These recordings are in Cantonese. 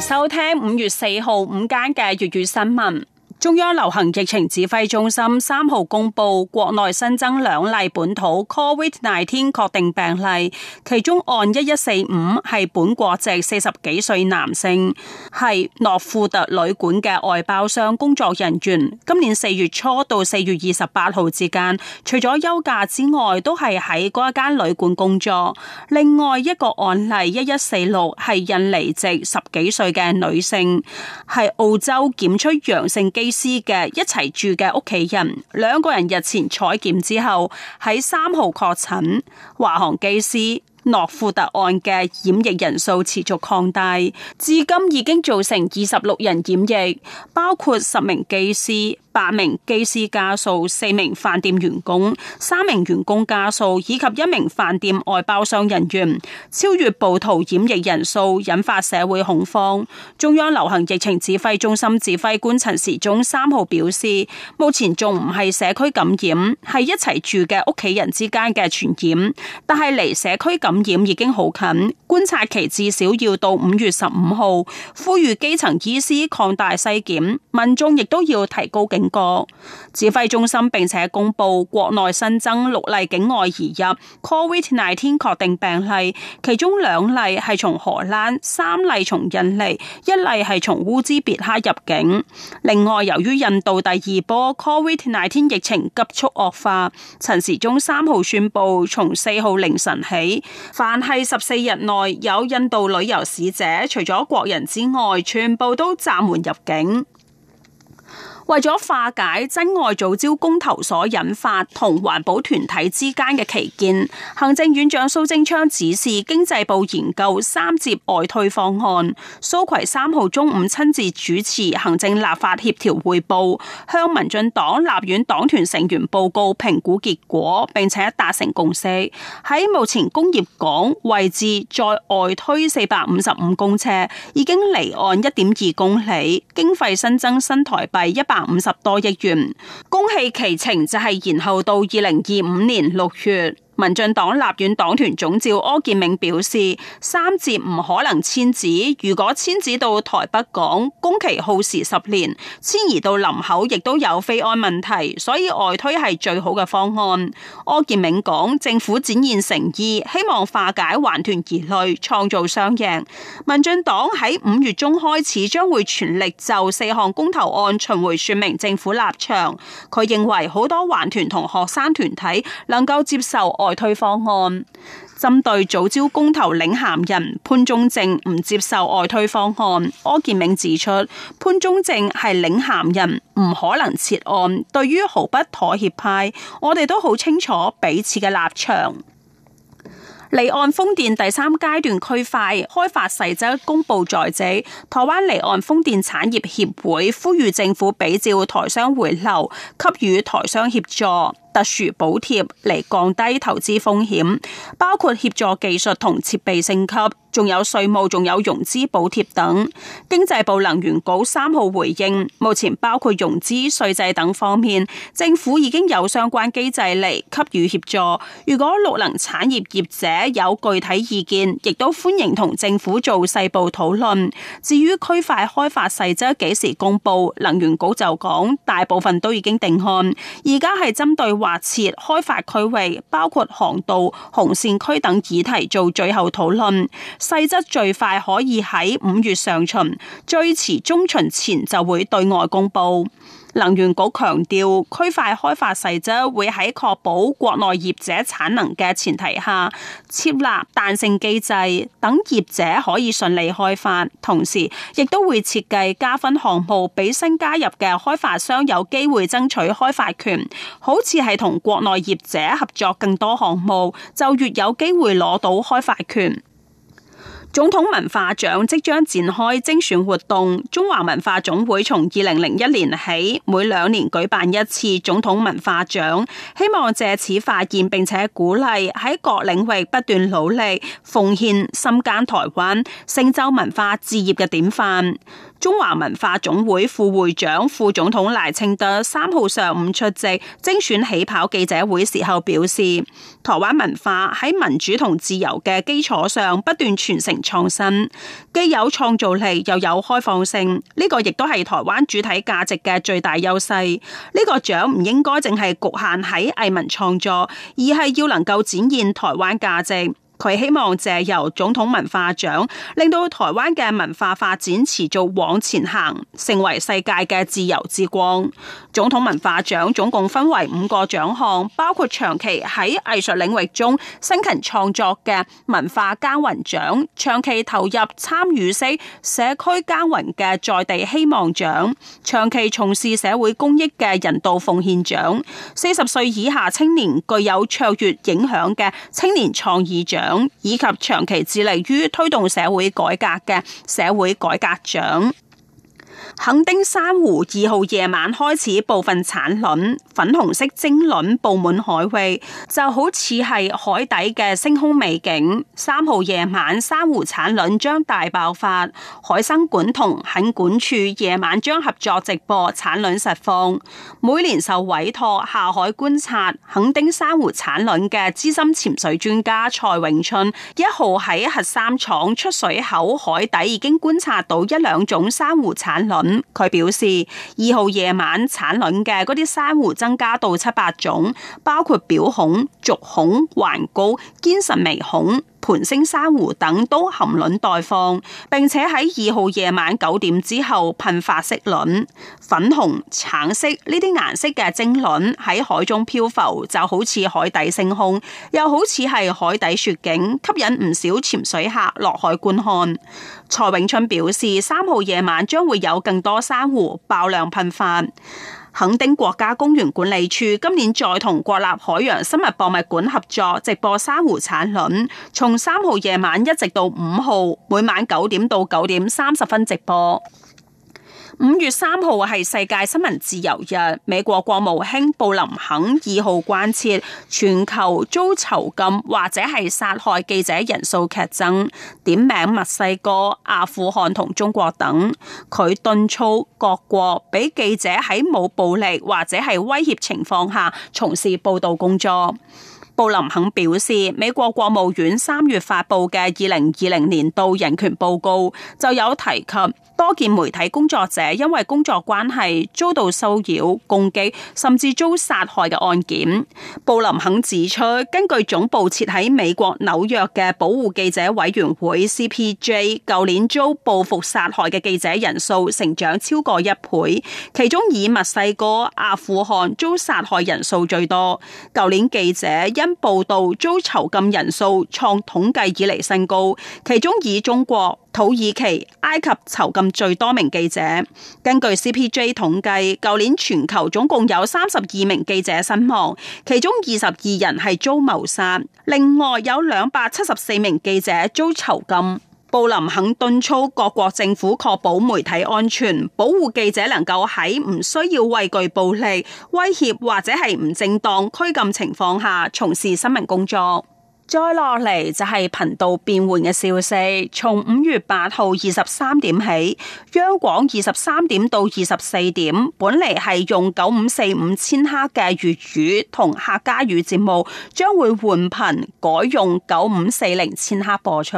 收聽五月四號午間嘅粵語新聞。中央流行疫情指揮中心三號公布國內新增兩例本土 COVID-19 確定病例，其中案一一四五係本國籍四十幾歲男性，係諾富特旅館嘅外包商工作人員，今年四月初到四月二十八號之間，除咗休假之外，都係喺嗰一間旅館工作。另外一個案例一一四六係印尼籍十幾歲嘅女性，係澳洲檢出陽性機師嘅一齊住嘅屋企人，兩個人日前採檢之後喺三號確診華航機師。諾富特案嘅染疫人數持續擴大，至今已經造成二十六人染疫，包括十名機師、八名機師家屬、四名飯店員工、三名員工家屬以及一名飯店外包商人員，超越暴徒染疫人數，引發社會恐慌。中央流行疫情指揮中心指揮官陳時中三號表示，目前仲唔係社區感染，係一齊住嘅屋企人之間嘅傳染，但係嚟社區感。感染已經好近，觀察期至少要到五月十五號。呼籲基層醫師擴大篩檢，民眾亦都要提高警覺。指揮中心並且公布國內新增六例境外移入 COVID-19 確定病例，其中兩例係從荷蘭，三例從印尼，一例係從烏茲別克入境。另外，由於印度第二波 COVID-19 疫情急速惡化，陳時中三號宣布從四號凌晨起。凡係十四日內有印度旅遊史者，除咗國人之外，全部都暫緩入境。為咗化解珍愛藻礁公投所引發同環保團體之間嘅歧見，行政院長蘇貞昌指示經濟部研究三接外推方案。蘇揆三號中午親自主持行政立法協調會報，向民進黨立院黨團成員報告評估結果，並且達成共識。喺目前工業港位置再外推四百五十五公尺，已經離岸一點二公里，經費新增新台幣一百。五十多億元，供氣期程就係延後到二零二五年六月。民進黨立院黨團總召柯建銘表示，三接唔可能遷址，如果遷址到台北港，工期耗時十年；遷移到林口亦都有飛安問題，所以外推係最好嘅方案。柯建銘講，政府展現誠意，希望化解環團疑慮，創造雙贏。民進黨喺五月中開始將會全力就四項公投案巡迴說明政府立場。佢認為好多環團同學生團體能夠接受外。外推方案針對藻礁公投領銜人潘忠政唔接受外推方案，柯建銘指出潘忠政係領銜人，唔可能撤案。對於毫不妥協派，我哋都好清楚彼此嘅立場。離岸風電第三階段區塊開發細則公布在即，台灣離岸風電產業協會呼籲政府比照台商回流，給予台商協助。特殊補貼嚟降低投資風險，包括協助技術同設備升級，仲有稅務仲有融資補貼等。經濟部能源局三號回應，目前包括融資稅制等方面，政府已經有相關機制嚟給予協助。如果綠能產業業者有具體意見亦都歡迎同政府做細部討論，至於區塊開發細則幾時公布能源局就講大部分都已經定案，而家係針對。劃設開發區域，包括航道、紅線區等議題做最後討論，細則最快可以喺五月上旬，最遲中旬前就會對外公布。能源局強調，區塊開發細則會喺確保國內業者產能嘅前提下設立彈性機制，等業者可以順利開發，同時亦都會設計加分項目俾新加入嘅開發商有機會爭取開發權，好似係同國內業者合作更多項目就越有機會攞到開發權。總統文化獎即將展開徵選活動。中華文化總會從二零零一年起，每兩年舉辦一次總統文化獎，希望借此發現並且鼓勵喺各領域不斷努力奉獻、奉獻、深耕台灣、成就文化事業嘅典範。中華文化總會副會長，副總統賴清德三號上午出席徵選起跑記者會時候表示，台灣文化喺民主同自由嘅基礎上不斷傳承創新，既有創造力又有開放性，呢個亦都係台灣主體價值嘅最大優勢。呢個獎唔應該淨係局限喺藝文創作，而係要能夠展現台灣價值。佢希望借由總統文化獎，令到台灣嘅文化發展持續往前行，成為世界嘅自由之光。總統文化獎總共分為五個獎項，包括長期喺藝術領域中辛勤創作嘅文化耕耘獎，長期投入參與式社區耕耘嘅在地希望獎，長期從事社會公益嘅人道奉獻獎，四十歲以下青年具有卓越影響嘅青年創意獎。以及長期致力於推動社會改革嘅社會改革獎。墾丁珊瑚二號夜晚開始部分產卵，粉紅色精卵佈滿海域，就好似係海底嘅星空美景。三號夜晚珊瑚產卵將大爆發，海生館同墾管處夜晚將合作直播產卵實況。每年受委託下海觀察墾丁珊瑚產卵嘅資深潛水專家蔡永春，一號喺核三廠出水口海底已經觀察到一兩種珊瑚產卵。佢表示，二號夜晚產卵嘅嗰啲珊瑚增加到七八種，包括表孔、軸孔、環高、堅實微孔。盤星珊瑚等都含卵待放，並且喺二號夜晚九點之後噴發色卵，粉紅、橙色呢啲顏色嘅精卵喺海中漂浮，就好似海底星空，又好似係海底雪景，吸引唔少潛水客落海觀看。蔡永春表示，三號夜晚將會有更多珊瑚爆量噴發。墾丁國家公園管理處今年再同國立海洋生物博物館合作直播珊瑚產卵，從三號夜晚一直到五號，每晚九點到九點三十分直播。五月三號係世界新聞自由日，美國國務卿布林肯二號關切全球遭囚禁或者係殺害記者人數劇增，點名墨西哥、阿富汗同中國等，佢敦促各國俾記者喺冇暴力或者係威脅情況下從事報道工作。布林肯表示，美國國務院三月發佈嘅二零二零年度人權報告就有提及多件媒體工作者因為工作關係遭到騷擾、攻擊，甚至遭殺害嘅案件。布林肯指出，根據總部設喺美國紐約嘅保護記者委員會 （CPJ），舊年遭報復殺害嘅記者人數成長超過一倍，其中以墨西哥、阿富汗遭殺害人數最多。舊年記者因報道遭囚禁人數創統計以嚟新高，其中以中國、土耳其、埃及囚禁最多名記者。根據 CPJ 統計，舊年全球總共有三十二名記者身亡，其中二十二人係遭謀殺，另外有兩百七十四名記者遭囚禁。布林肯敦促各國政府確保媒體安全，保護記者能夠喺唔需要畏懼暴力威脅或者係唔正當拘禁情況下從事新聞工作。再落嚟就係頻道變換嘅消息，從五月八號二十三點起，央廣二十三點到二十四點，本嚟係用九五四五千克嘅粵語同客家語節目，將會換頻改用九五四零千克播出。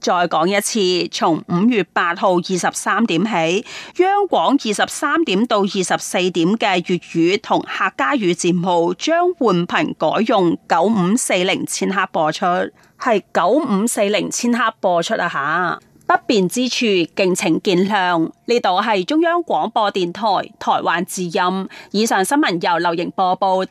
再講一次，從五月八號二十三點起，央廣二十三點到二十四點嘅粵語同客家語節目將換頻改用九五四零千克播出。出係九五四零千克播出啊，吓，不便之處，敬請見諒。呢度係中央廣播電台台灣之音。以上新聞由劉瑩播報。